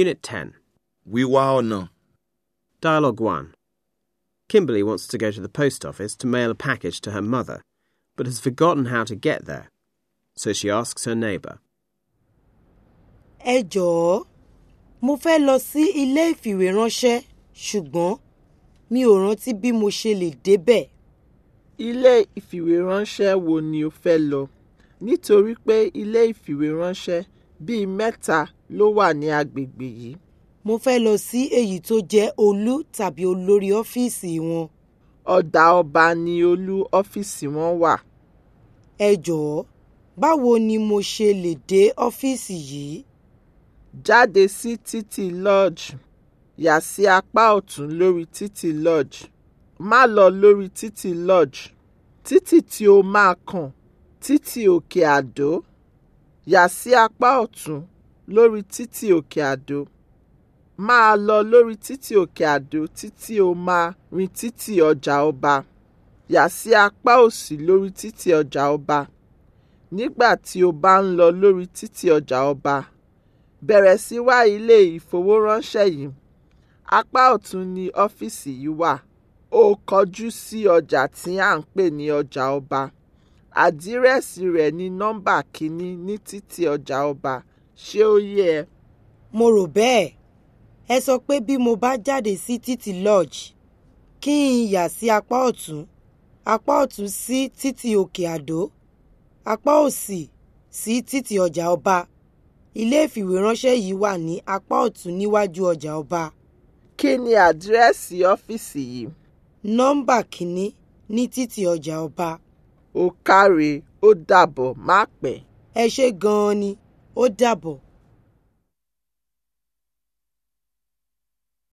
Unit 10. We Wíwá ọ̀nà. Dialogue 1. Kimberly wants to go to the post office to mail a package to her mother, but has forgotten how to get there. So she asks her neighbour. Ejo, jọ̀ọ́, mo fẹ́ lọ sí ilé ìfìwéránṣẹ́ ṣùgbọ́n mi ò rántí bí mo ṣe lè débẹ̀. Ilé ìfìwéránṣẹ́ wo ni o fẹ́ lọ? Nítorí pé ilé ìfìwéránṣẹ́ bíi mẹ́ta ló wà ní agbègbè yìí. mo fẹ́ lọ sí èyí tó jẹ́ olú tàbí olórí ọ́fíìsì wọn. ọ̀dà ọba ni olú ọ́fíìsì wọn wà. ẹ jọ̀ọ́ báwo ni mo ṣe lè dé ọ́fíìsì yìí. jáde sí títì lodge yà sí apá ọ̀tún lórí títì lodge má lọ lórí títì lodge títì tí o máa kàn títì òkè àdó yà sí apá ọ̀tún lórí títí òkè àdó máa lọ lórí títí òkè àdó títí o máa rin títí ọjà ọba yà sí apá òsì lórí títí ọjà ọba nígbà tí o bá ń lọ lórí títí ọjà ọba bẹ̀rẹ̀ sí wá ilé ìfowóránṣẹ́ yìí apá ọ̀tún ni ọ́fíìsì yìí wà ó kọjú sí ọjà tí à ń pè ní ọjà ọba àdírẹ́sì rẹ̀ ní nọ́mbà kínní ní títí ọjà ọba ṣé ó yé ẹ. mo rò bẹ́ẹ̀ ẹ sọ pé bí mo bá jáde sí títì lodge kí n yà sí apá ọ̀tún apá ọ̀tún sí títì òkè àdó apá òsì sí títì ọjà ọba ilé ìfìwéránṣẹ́ yìí wà ní apá ọ̀tún níwájú ọjà ọba. kí ni àdírẹ́sì ọ́fíìsì yìí. nọ́mbà kìíní ní títì ọjà ọba. ó káre ó dàbọ̀ má pẹ́. ẹ ṣé gan-an ni ó dàbọ̀.